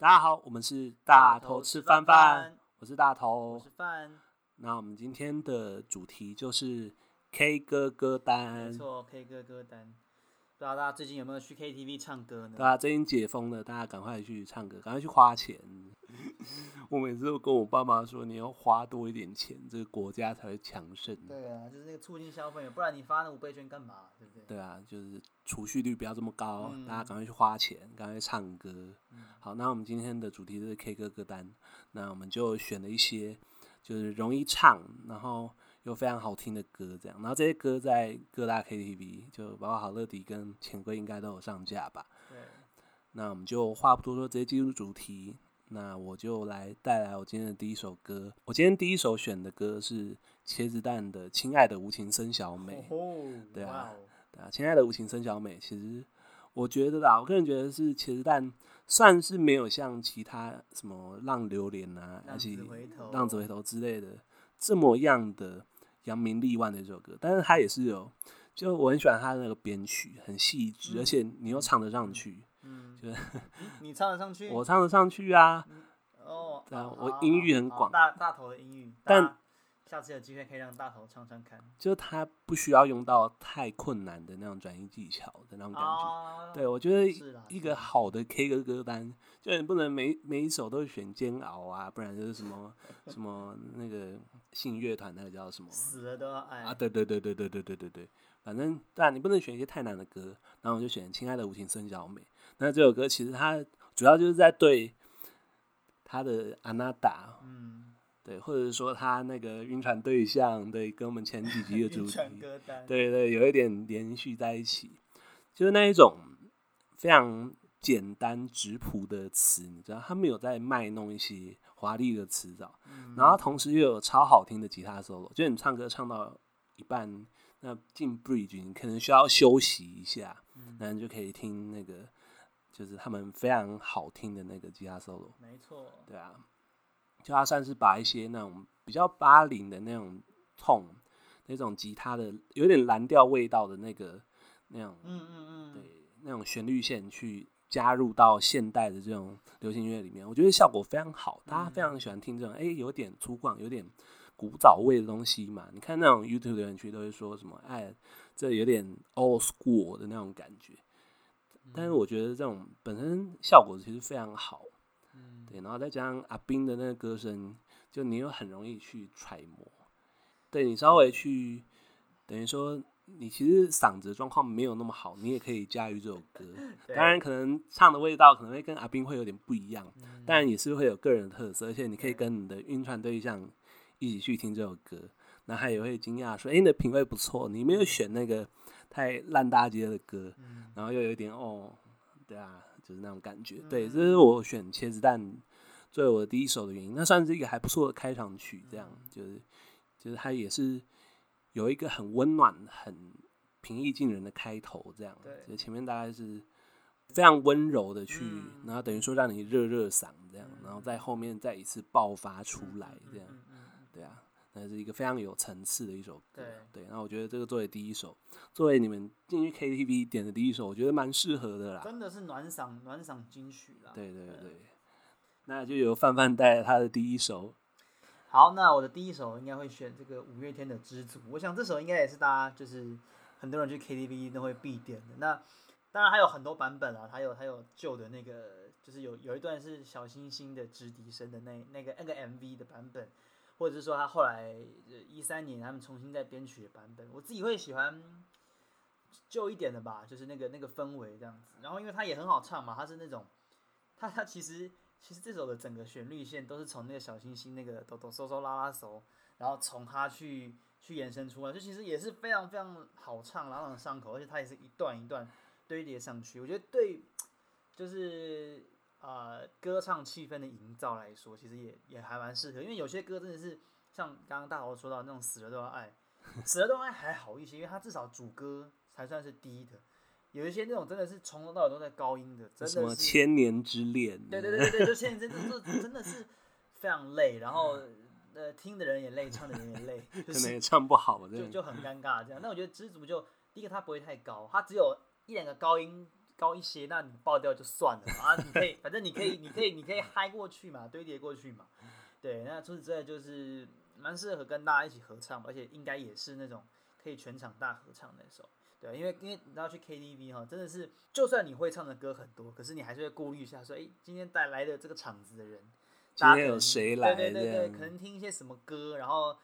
大家好，我們是大頭吃飯飯，我是大頭，我是范，那我們今天的主題就是 K 歌歌單，沒錯，K 歌歌單。啊、大家最近有沒有去 KTV 唱歌呢？大家、對啊，最近解封了，大家趕快去唱歌，趕快去花錢。 我每次都跟我爸媽說，你要花多一點錢，這個國家才會強盛。對啊，就是那個促進消費，不然你發那五倍券幹嘛？對不對？對啊，就是儲蓄率不要這麼高，嗯、大家趕快去花錢，趕快去唱歌。嗯、好，那我們今天的主題就是 K 歌歌單，那我們就選了一些就是容易唱，然後。就非常好聽的歌，這樣，然後這些歌在各大 KTV，就包括好樂迪跟錢櫃應該都有上架吧。Yeah. 那我們就話不多說，直接進入主題。那我就來帶來我今天的第一首歌。我今天第一首選的歌是茄子蛋的《親愛的無情孫小美》。Oh, oh, wow. 對啊，對啊，《親愛的無情孫小美》，其實我覺得啦，我個人覺得是茄子蛋算是沒有像其他什麼浪流連啊，浪子而且浪子回頭之類的這麼樣的。揚名立萬的一首歌，但是他也是有，就我很喜歡他的那個編曲很細緻、嗯，而且你又唱得上去，嗯，就是、嗯、 你唱得上去，我唱得上去啊，嗯、哦，我音域很廣、哦，大大頭的音域。但。下次有機會可以讓大頭唱唱看，就他不需要用到太困難的那種轉移技巧的那種感覺、啊。對，我覺得一個好的 K 歌歌單，就你不能每每一首都選煎熬啊，不然就是什麼 什麼那個信樂團那個叫什麼死了都要愛啊，對對對對對對對對對，反正但你不能選一些太難的歌，然後我就選《親愛的，無情孫小美》。那這首歌其實它主要就是在對他的阿娜達，嗯。對，或者是說他那個暈船對象，對，跟我們前幾集的主題， 對對，有一點連續在一起，就是那一種非常簡單質樸的詞，你知道，他們有在賣弄一些華麗的詞藻、嗯，然後同時又有超好聽的吉他 solo，就是你唱歌唱到一半，那進 bridge，你可能需要休息一下，然、嗯、後你就可以聽那個，就是他們非常好聽的那個吉他 solo，沒錯，對啊。就他算是把一些那種比較八零的那種 tone，那種吉他的有點藍調味道的那個那樣，嗯嗯嗯，對，那種旋律線去加入到現代的這種流行音樂裡面，我覺得效果非常好。大家非常喜歡聽這種，哎、嗯嗯欸，有點粗獷，有點古早味的東西嘛。你看那種 YouTube 的人群都會說什麼，哎，這有點 old school 的那種感覺。但是我覺得這種本身效果其實非常好。對，然後再加上阿斌的那個歌聲，就你又很容易去揣摩，對你稍微去，等於說你其實嗓子狀況沒有那麼好，你也可以駕馭這首歌。當然，可能唱的味道可能會跟阿斌會有點不一樣，但也是會有個人特色。而且你可以跟你的暈船對象一起去聽這首歌，然後他也會驚訝說：“哎，你的品味不錯，你沒有選那個太爛大街的歌，然後又有點哦，對啊。”就是那種感覺，對，這是我選《茄子蛋》作為我的第一首的原因。那算是一個還不錯的開場曲，這樣就是，就是它也是有一個很溫暖、很平易近人的開頭，這樣。對。前面大概是非常溫柔的去，然後等於說讓你熱熱嗓這樣，然後在後面再一次爆發出來這樣。對啊。那是一個非常有層次的一首歌對，對，那我覺得這個作為第一首，作為你們進去 KTV 點的第一首，我覺得蠻適合的啦，真的是暖嗓暖嗓金曲啦。對對對，對那就由范范帶來他的第一首。好，那我的第一首應該會選這個五月天的《知足》，我想這首應該也是大家就是很多人去 KTV 都會必點的。那當然還有很多版本啊，還有還有舊的那個，就是有有一段是小星星的直笛聲的那那個那個 MV 的版本。或者是說他後來一三年他們重新再編曲的版本，我自己會喜歡舊一點的吧，就是那個那個氛圍這樣子。然後因為它也很好唱嘛，它是那種，它它其實其實這首的整個旋律線都是從那個小星星那個哆哆嗦嗦拉拉嗦，然後從它去去延伸出來，就其實也是非常非常好唱，朗朗上口，而且它也是一段一段堆疊上去，我覺得對，就是。呃，歌唱氣氛的營造來說，其實也也還蠻適合，因為有些歌真的是像剛剛大頭說到的那種死了都要愛， 死了都要愛還好一些，因為他至少主歌才算是低的，有一些那種真的是從頭到尾都在高音的，真的是什麼千年之戀，對對對對，就千年之戀就真的是非常累，然後 呃聽的人也累，唱的人也累，就是、 可能也唱不好，就就很尷尬這樣。那我覺得知足就，第一個它不會太高，它只有一兩個高音。高一些，那你爆掉就算了啊！ 你可以，反正你可以，你可以，你可以嗨過去嘛，堆疊過去嘛。對，那除此之外就是蠻適合跟大家一起合唱，而且應該也是那種可以全場大合唱那首。對，因為因為你要去 KTV 哈，真的是就算你會唱的歌很多，可是你還是會顧慮一下說，說、欸、哎，今天帶來的這個場子的人，今天有誰來？對對對，對，對可能聽一些什麼歌，然後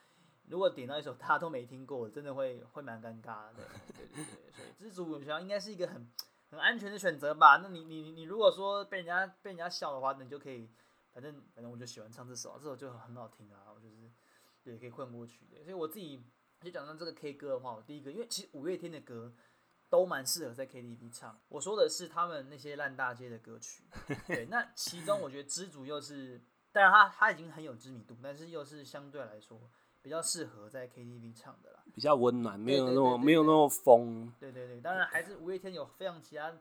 如果點到一首大家都沒聽過，真的會會蠻尷尬的。對對對，所以知足常樂應該是一個很。很安全的選擇吧。那你你你,你如果說被人家被人家笑的話，你就可以，反正反正我就喜歡唱這首，這首就很好聽啊，我就是也可以混過去的。所以我自己就講到這個 K 歌的話，我第一個，因為其實五月天的歌都蠻適合在 KTV 唱。我說的是他們那些爛大街的歌曲。對，那其中我覺得《知足》又是，當然他他已經很有知名度，但是又是相對來說。比較適合在 KTV 唱的啦，比較溫暖，沒有那麼沒有那種風。對對對，當然還是五月天有非常其他，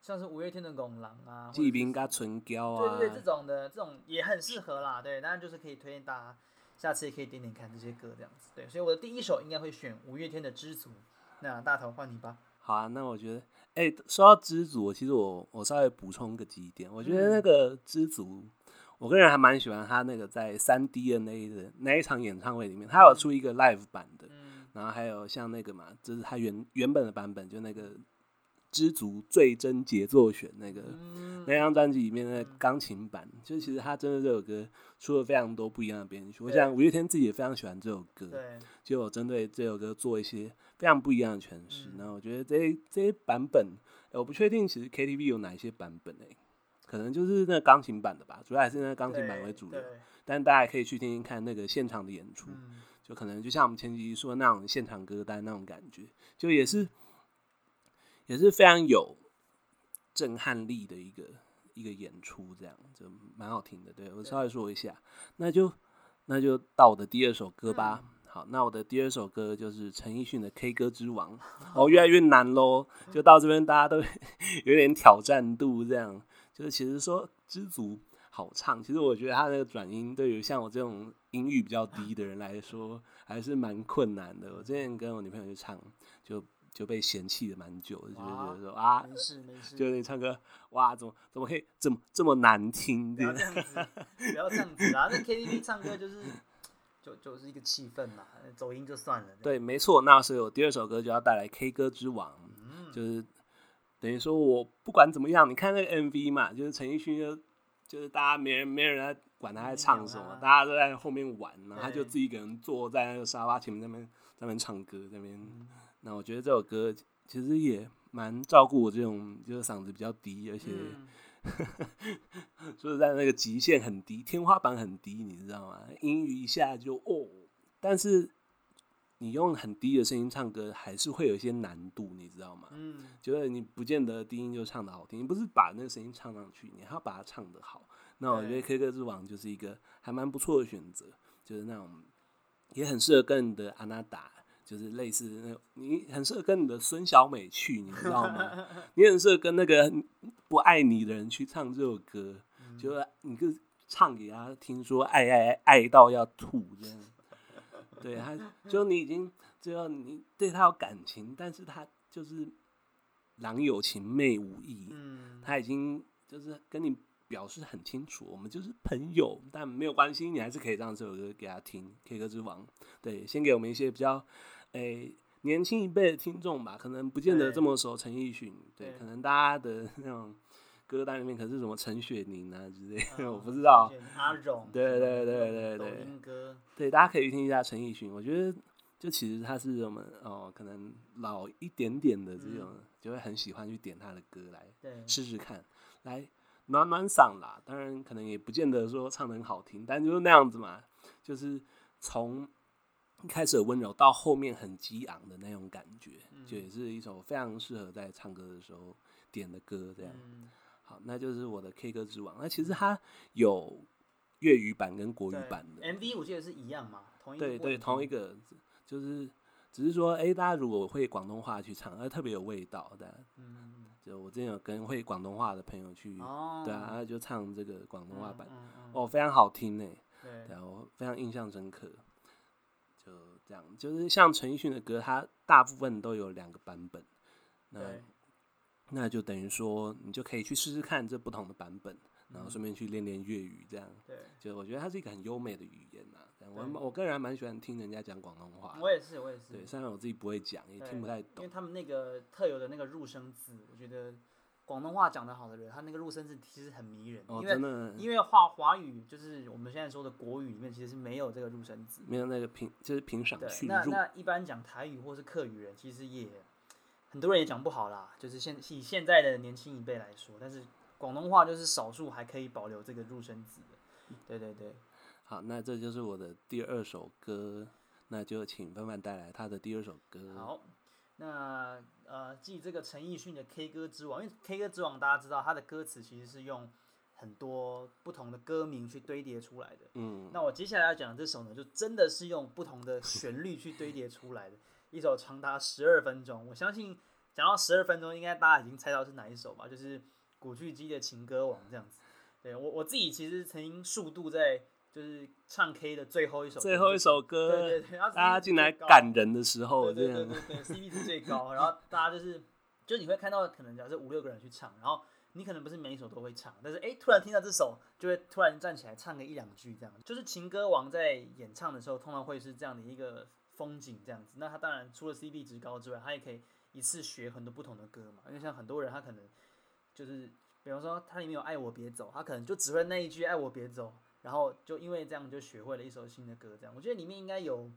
像是五月天的《狗狼》啊，就是《志明與春嬌》啊，對對，對這種的這種也很適合啦。對，當然就是可以推薦大家下次也可以點點看這些歌這樣子。對，所以我的第一首應該會選五月天的《知足》。那大頭換你吧。好啊，那我覺得，哎、欸，說到《知足》，其實我我稍微補充個幾點，我覺得那個《知足》嗯。我個人還蠻喜歡他那個在三 D 的那那一場演唱會裡面，他有出一個 live 版的、嗯，然後還有像那個嘛，就是他原原本的版本，就那個《知足最真傑作選》那個那張專輯裡面的鋼琴版、嗯，就其實他真的這首歌出了非常多不一樣的編曲。我想五月天自己也非常喜歡這首歌，就我針對這首歌做一些非常不一樣的詮釋、嗯。然後我覺得這些這些版本，欸、我不確定其實 KTV 有哪一些版本嘞、欸。可能就是那鋼琴版的吧，主要還是那鋼琴版為主的。但大家也可以去聽聽看那個現場的演出。嗯、就可能就像我們前期說的那種現場歌單那種感覺，就也是、嗯，也是非常有震撼力的一個一個演出，這樣就蠻好聽的。對，我稍微說一下，那就那就到我的第二首歌吧、嗯。好，那我的第二首歌就是陳奕迅的《K 歌之王》。 哦，越來越難咯，就到這邊大家都 有點挑戰度這樣。就是其實說知足好唱，其實我覺得他那個轉音，對於像我這種音域比較低的人來說，還是蠻困難的，嗯。我之前跟我女朋友去唱，就就被嫌棄了蠻久的，就覺得說啊，沒事沒事，就是那唱歌哇，怎麼怎麼可以這麼這麼難聽的？不要這樣子，不要這樣子啊！ 那 KTV 唱歌就是就就是一個氣氛嘛，走音就算了。對，對沒錯，那時候我第二首歌就要帶來《K 歌之王》，嗯，就是。等於說，我不管怎麼樣，你看那個 MV 嘛，就是陳奕迅，就就是大家沒人沒人來管他在唱什麼，大家都在後面玩，然後他就自己一個人坐在那個沙發前面那邊，那邊唱歌那邊、嗯。那我覺得這首歌其實也蠻照顧我這種，就是嗓子比較低，而且、嗯、 就是在那個極限很低，天花板很低，你知道嗎？音域一下就哦、oh!，但是。你用很低的聲音唱歌還是會有一些難度，你知道嗎？嗯，就是你不見得低音就唱得好聽，你不是把那個聲音唱上去，你還要把它唱得好。那我覺得 K 歌之王就是一個還蠻不錯的選擇，就是那種也很適合跟你的阿娜達，就是類似那種你很適合跟你的孫小美去，你知道嗎？ 你很適合跟那個不愛你的人去唱這首歌，嗯，就是你就唱給他，聽說愛愛愛愛到要吐這樣。 對他，就你已經，就你對他有感情，但是他就是，郎有情妹無意，嗯，他已經就是跟你表示很清楚，我們就是朋友，但沒有關係，你還是可以讓這首歌給他聽。K 歌之王，對，先給我們一些比較，誒、欸，年輕一輩的聽眾吧，可能不見得這麼熟，陳奕迅，對，可能大家的那種。歌單裡面可是什麼陳雪凝啊之類，就是啊、 我不知道。阿榮。對對對對對，對，對。種種音歌。對，大家可以聽一下陳奕迅，我覺得就其實他是什麼哦，可能老一點點的這種，嗯、就會很喜歡去點他的歌來，試試看，來暖暖嗓啦。當然可能也不見得說唱得很好聽，但就是那樣子嘛，就是從一開始的溫柔到後面很激昂的那種感覺，嗯、就也是一首非常適合在唱歌的時候點的歌，這樣。嗯好，那就是我的 K 歌之王。那其實它有粵語版跟國語版的 MV，我記得是一樣嘛，同一個對對同一個，就是只是說，哎、欸，大家如果會廣東話去唱，哎，特別有味道的。但嗯,嗯,嗯，就我之前有跟會廣東話的朋友去，哦、對啊，就唱這個廣東話版嗯嗯嗯，哦，非常好聽呢、欸。對，然後非常印象深刻。就這樣，就是像陳奕迅的歌，他大部分都有兩個版本。那那就等於說，你就可以去試試看這不同的版本，然後順便去練練粵語，這樣、嗯。對，就我覺得它是一個很優美的語言、啊、我我個人還蠻喜歡聽人家講廣東話。我也是，我也是。對。雖然我自己不會講，也聽不太懂。因為他們那個特有的那個入聲字，我覺得廣東話講得好的人，他那個入聲字其實很迷人因為，哦，真的。因為華華語就是我們現在說的國語裡面，其實是沒有這個入聲字，沒有那個平，就是平、上、去、入。那那一般講台語或是客語人，其實也。很多人也講不好啦，就是現以現在的年輕一輩來說，但是廣東話就是少數還可以保留這個入聲字的。對對對，好，那這就是我的第二首歌，那就請范范帶來他的第二首歌。好，那呃，繼這個陳奕迅的《K 歌之王》，因為《K 歌之王》大家知道他的歌詞其實是用很多不同的歌名去堆疊出來的。嗯，那我接下來要講的這首呢，就真的是用不同的旋律去堆疊出來的。 一首長達十二分鐘，我相信講到十二分鐘，應該大家已經猜到是哪一首吧？就是古巨基的情歌王這樣子。對，我我自己其實曾經數度在就是唱 K 的最後一首歌，最後一首歌，對對對，啊、然後大家進來感人的時候，對對對，對，CP 值最高，然後大家就是 就是你會看到可能假設五六個人去唱，然後你可能不是每一首都會唱，但是哎，突然聽到這首就會突然站起來唱個一兩句這樣，就是情歌王在演唱的時候，通常會是這樣的一個。風景這樣子，那他當然除了 C P 值高之外，他也可以一次學很多不同的歌嘛。因為像很多人，他可能就是，比方說，他裡面有《愛我別走》，他可能就只會那一句“愛我別走”，然後就因為這樣就學會了一首新的歌。這樣，我覺得裡面應該有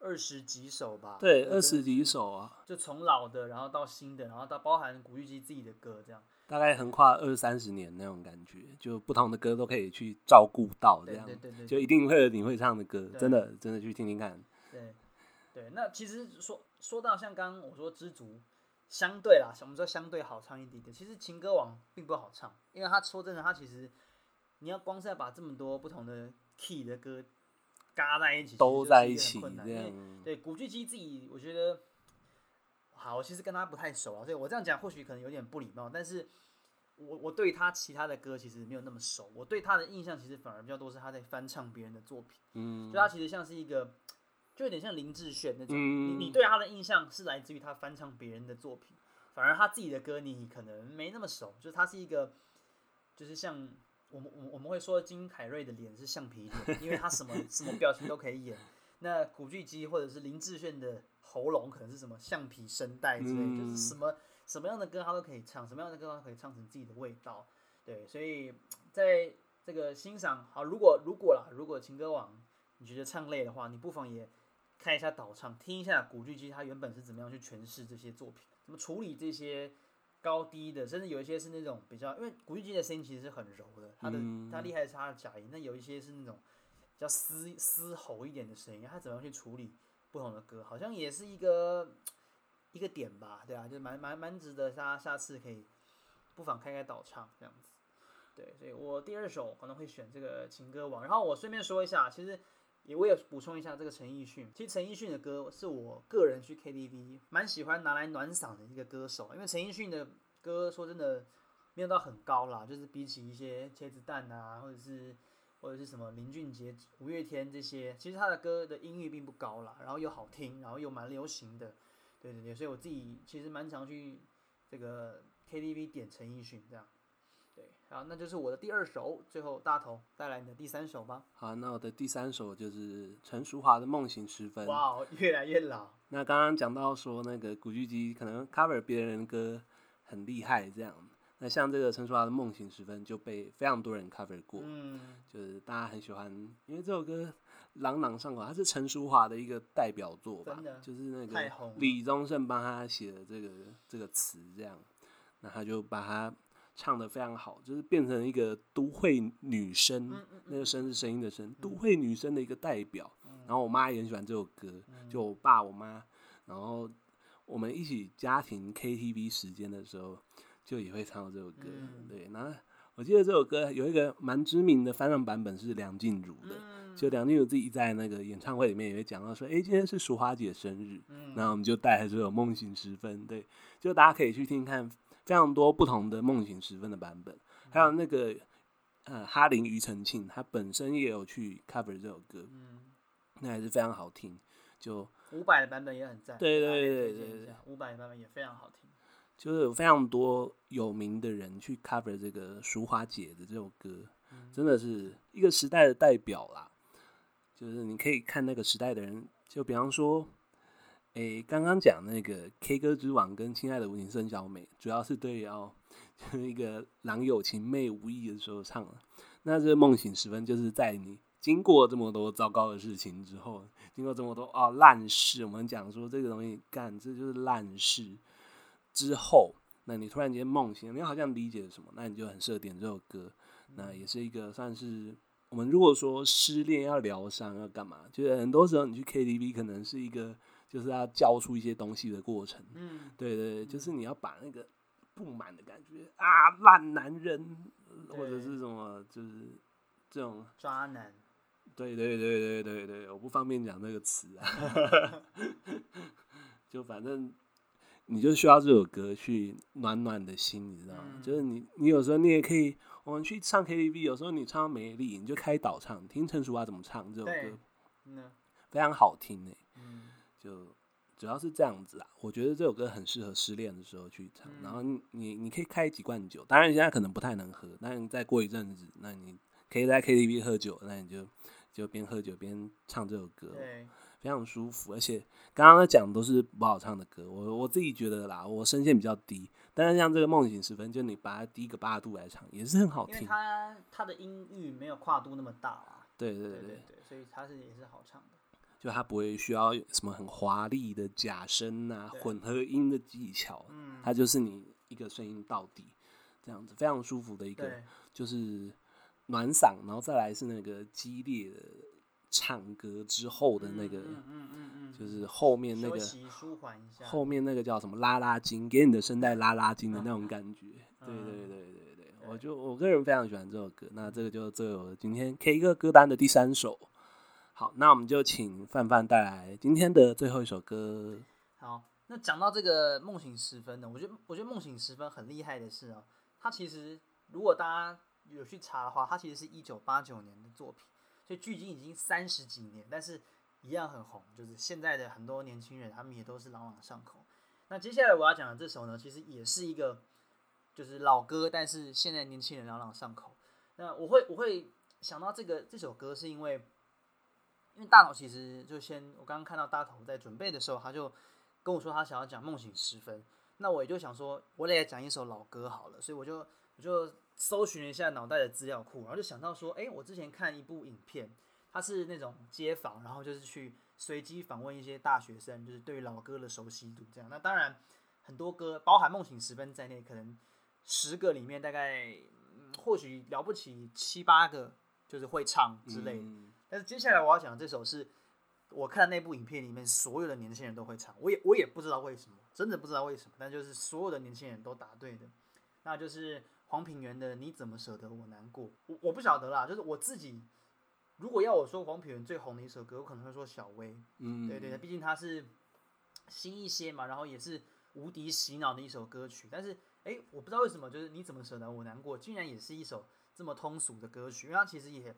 二十幾首吧對。對，二十幾首啊，就從老的，然後到新的，然後到包含古巨基自己的歌，這樣大概橫跨二三十年那種感覺，就不同的歌都可以去照顧到，這樣，就一定會有你會唱的歌，真的真的去聽聽看。對，那其實說說到像剛剛我說知足，相對啦，我們說相對好唱一點點。其實情歌王並不好唱，因為他說真的，他其實你要光是要把這麼多不同的 key 的歌加在一起一，都在一起，對古巨基自己，我覺得好，我其實跟他不太熟啊，所以我這樣講或許可能有點不禮貌，但是我我對他其他的歌其實沒有那麼熟，我對他的印象其實反而比較多是他在翻唱別人的作品，嗯，就他其實像是一個。就有點像林志炫那種，你你對他的印象是來自於他翻唱別人的作品，反而他自己的歌你可能沒那麼熟。就是他是一個，就是像我們我我們會說金凱瑞的臉是橡皮臉，因為他什麼什麼表情都可以演。那古巨基或者是林志炫的喉嚨可能是什麼橡皮聲帶之類，就是什麼什麼樣的歌他都可以唱，什麼樣的歌他都可以唱成自己的味道。對，所以在這個欣賞好，如果如果啦，如果情歌王你覺得唱累的話，你不妨也。看一下導唱，聽一下古巨基，他原本是怎麼樣去詮釋這些作品，怎麼處理這些高低的，甚至有一些是那種比較，因為古巨基的聲音其實是很柔的，他的他厲害是他的假音，那有一些是那種比較嘶嘶吼一點的聲音，他怎麼樣去處理不同的歌，好像也是一個一個點吧，對啊，就蠻蠻蠻值得大家下次可以不妨開開導唱這樣子，對，所以我第二首可能會選這個情歌王，然後我順便說一下，其實。也，我也補充一下這個陳奕迅。其實陳奕迅的歌是我個人去 KTV 蠻喜歡拿來暖嗓的一個歌手，因為陳奕迅的歌說真的沒有到很高啦，就是比起一些茄子蛋啊，或者是或者是什麼林俊杰、五月天這些，其實他的歌的音域並不高啦，然後又好聽，然後又蠻流行的，對對對，所以我自己其實蠻常去這個 KTV 點陳奕迅這樣。好，那就是我的第二首。最後，大頭帶來你的第三首吧。好，那我的第三首就是陳淑樺的《夢醒時分》。哇，越來越老。那剛剛講到說，那個古巨基可能 cover 別人的歌很厲害這樣。那像這個陳淑樺的《夢醒時分》就被非常多人 cover 過。嗯，就是大家很喜歡，因為這首歌朗朗上口，它是陳淑樺的一個代表作吧。真的，就是那個李宗盛幫他寫的這個這個詞這樣。那他就把它。唱得非常好，就是變成一個都會女聲，那個聲是聲音的聲、嗯，都會女生的一個代表。嗯、然後我媽也很喜歡這首歌，嗯、就我爸我媽，然後我們一起家庭 KTV 時間的時候，就也會唱這首歌、嗯。對，然後我記得這首歌有一個蠻知名的翻唱版本是梁靜茹的，就梁靜茹自己在那個演唱會裡面也會講到說，哎、欸，今天是淑樺姐生日，嗯，然後我們就帶來這首《夢醒時分》。對，就大家可以去聽看。非常多不同的夢醒時分的版本，嗯，還有那個呃哈林、庾澄慶，他本身也有去 cover 這首歌，嗯，那還是非常好聽。就伍佰的版本也很讚，對對對對對，對，對，伍佰的版本也非常好聽。就是有非常多有名的人去 cover 這個《淑樺姐》的這首歌，嗯，真的是一個時代的代表啦。就是你可以看那個時代的人，就比方說。誒、欸，剛剛講那個《K 歌之王》跟《親愛的無情孫小美》，主要是對哦，就是一個郎有情妹無意的時候唱的，那這夢醒時分，就是在你經過這麼多糟糕的事情之後，經過這麼多哦爛事，我們講說這個東西幹，這就是爛事之後，那你突然間夢醒，你好像理解了什麼，那你就很適合點這首歌。那也是一個算是我們如果說失戀要療傷要幹嘛，就是很多時候你去 KTV 可能是一個。就是要教出一些東西的過程，嗯，對對，對、嗯，就是你要把那個不滿的感覺啊，爛男人，或者是什麼，就是這種渣男，對對對對對對，我不方便講這個詞啊，嗯、 就反正你就需要這首歌去暖暖的心，你知道嗎？嗯、就是你你有時候你也可以，我、哦、們去唱 KTV，有時候你唱到沒力，你就開導唱，聽陳淑樺、啊、怎麼唱這首歌，嗯，非常好聽的、欸，嗯。就主要是這樣子啊，我覺得這首歌很適合失戀的時候去唱。嗯，然後你你可以開幾罐酒，當然現在可能不太能喝，那你再過一陣子，那你可以在 KTV 喝酒，那你就就邊喝酒邊唱這首歌，對，非常舒服。而且剛剛在講都是不好唱的歌，我我自己覺得啦，我聲線比較低，但是像這個夢醒時分，就你把它低個八度來唱，也是很好聽。因為它它的音域沒有跨度那麼大啦，對對對對，對對對，所以它是也是好唱的。就它不會需要什麼很華麗的假聲吶、啊，混合音的技巧，嗯、它就是你一個聲音到底這樣子，非常舒服的一個，就是暖嗓，然後再來是那個激烈的唱歌之後的那個，嗯嗯嗯嗯、就是後面那個舒緩一下，後面那個叫什麼拉拉筋，給你的聲帶拉拉筋的那種感覺，嗯、對對對對對，對對對對我就我個人非常喜歡這首歌，那這個就這我今天 K 歌歌單的第三首。好，那我們就請范范帶來今天的最後一首歌。好，那講到這個《夢醒時分》呢，我覺得我覺得《夢醒時分》很厲害的是啊，它其實如果大家有去查的話，它其實是一九八九年的作品，所以距今已經三十幾年，但是一樣很紅，就是現在的很多年輕人他們也都是朗朗上口。那接下來我要講的這首呢，其實也是一個就是老歌，但是現在年輕人朗朗上口。那我會我會想到這個這首歌是因為。因為大頭其實就先，我剛剛看到大頭在準備的時候，他就跟我說他想要講《夢醒時分》，那我也就想說，我也講一首老歌好了，所以我就我就搜尋了一下腦袋的資料庫，然後就想到說，誒、欸，我之前看一部影片，他是那種街訪，然後就是去隨機訪問一些大學生，就是對於老歌的熟悉度這樣。那當然，很多歌，包含《夢醒時分》在內，可能十個裡面大概或許了不起七八個就是會唱之類的。嗯但是接下來我要講的這首是我看那部影片裡面所有的年輕人都會唱，我也我也不知道為什麼，真的不知道為什麼，但就是所有的年輕人都答對的，那就是黃品源的《你怎麼捨得我難過》，我我不曉得啦，就是我自己如果要我說黃品源最紅的一首歌，我可能會說小薇，嗯，對對對，畢竟他是新一些嘛，然後也是無敵洗腦的一首歌曲，但是哎，我不知道為什麼，就是《你怎麼捨得我難過》竟然也是一首這麼通俗的歌曲，因為它其實也。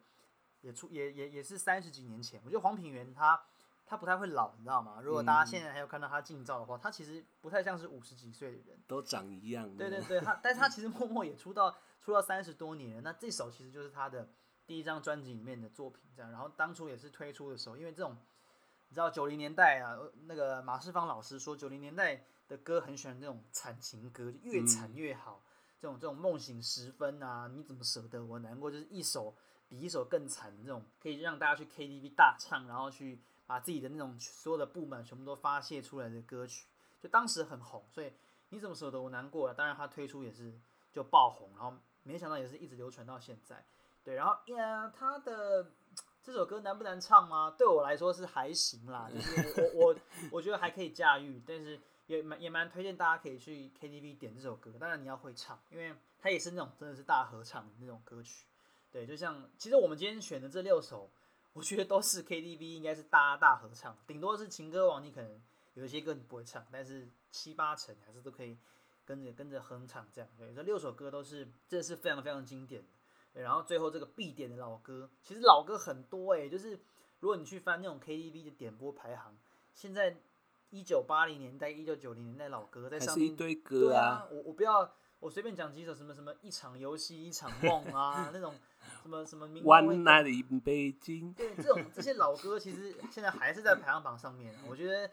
也出也也也是三十幾年前，我覺得黃品源他他不太會老，你知道嗎？如果大家現在還有看到他近照的話，他其實不太像是五十幾歲的人。都長一樣。對對對，他 但是他其實默默也出道出道三十多年了，那這首其實就是他的第一張專輯裡面的作品，這樣。然後當初也是推出的時候，因為這種你知道九零年代啊，那個馬世芳老師說九零年代的歌很喜歡那種慘情歌，就越慘越好。嗯、這種這種夢醒時分啊，你怎麼捨得我難過，就是一首。比一首更慘的這種，可以讓大家去 KTV 大唱，然後去把自己的那種所有的不滿全部都發洩出來的歌曲，就當時很紅，所以你怎麼捨得我難過啊？當然，他推出也是就爆紅，然後沒想到也是一直流傳到現在。對，然後呀 yeah，他的這首歌難不難唱嗎？對我來說是還行啦，就是我我我覺得還可以駕馭，但是也蠻也蠻推薦大家可以去 KTV 點這首歌，當然你要會唱，因為它也是那種真的是大合唱的那種歌曲。對，就像其實我們今天選的這六首，我覺得都是 KTV 應該是大大合唱，頂多是情歌王，你可能有一些歌你不會唱，但是七八成還是都可以跟着跟着哼唱這樣。對，這六首歌都是真是非常非常經典的對。然後最後這個必點的老歌，其實老歌很多哎、欸，就是如果你去翻那種 KTV 的點播排行，現在一九八零年代、一九九零年代老歌在上面還是一堆歌啊。對啊，我我不要。我隨便講幾首什麼什麼一場遊戲一場夢啊 那種什麼什麼名，One night in Beijing。對，這種這些老歌其實現在還是在排行榜上面。 我覺得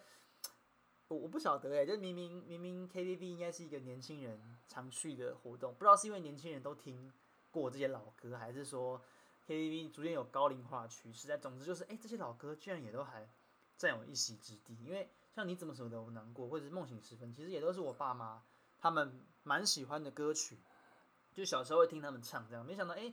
我我不曉得哎，就明明明明 KTV 應該是一個年輕人常去的活動，不知道是因為年輕人都聽過這些老歌，還是說 KTV 逐漸有高齡化趨勢？但總之就是，哎、欸，這些老歌居然也都還佔有一席之地。因為像你怎麼捨得我難過，或者是夢醒時分，其實也都是我爸媽他們。蠻喜歡的歌曲，就小時候會聽他們唱這樣，沒想到哎，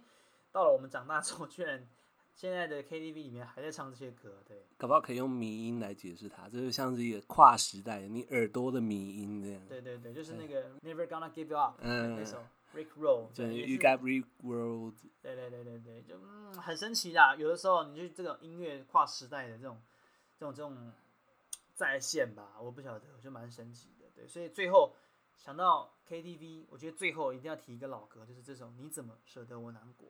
到了我們長大之後，居然現在的 KTV 裡面還在唱這些歌，對。搞不好可以用迷因來解釋它，就是像是一個跨時代你耳朵的迷因這樣。對對對，就是那個、嗯、Never Gonna Give You Up 那首 Rick Roll，、嗯、對，You Got Rick Rolled 對對對對對，就、嗯、很神奇啦。有的時候，你就這種音樂跨時代的這種、這種、這種再現吧，我不曉得，我覺得蠻神奇的。對，所以最後。想到 KTV，我覺得最後一定要提一個老歌，就是這首《你怎麼捨得我難過》。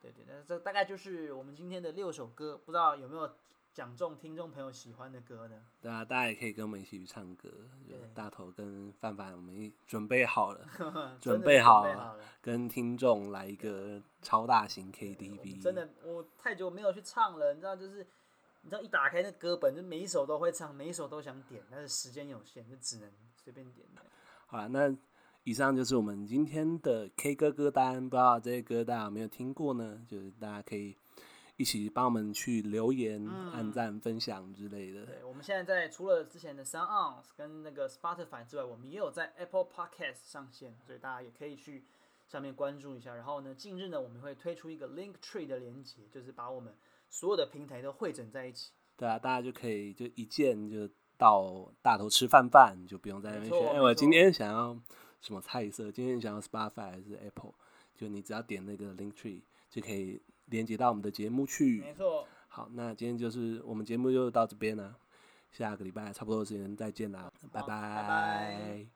對對對，那這大概就是我們今天的六首歌，不知道有沒有講中聽眾朋友喜歡的歌呢？對啊，大家也可以跟我們一起去唱歌。對，大頭跟范范，我們一，準備 準備好了，準備好了，跟聽眾來一個超大型 KTV。對對對，真的，我太久沒有去唱了，你知道，就是你知道一打開那歌本，就每一首都會唱，每一首都想點，但是時間有限，就只能隨便點。好啦，那以上就是我們今天的 K 歌歌單。不知道這些歌大家有沒有聽過呢？就是大家可以一起幫我們去留言、嗯、按讚、分享之類的。對，我們現在在除了之前的 SoundOn 跟那個 Spotify 之外，我們也有在 Apple Podcast 上線，所以大家也可以去上面關注一下。然後呢，近日呢，我們會推出一個 Linktree 的連接，就是把我們所有的平台都匯整在一起。對啊，大家就可以就一鍵就。到大頭吃飯飯，就不用在那邊選。哎，我今天想要什麼菜色？今天想要 Spotify 還是 Apple？就你只要點那個 Link Tree 就可以連接到我們的節目去。沒錯。好，那今天就是我們節目就到這邊了，下個禮拜差不多時間再見啦，拜拜。拜拜。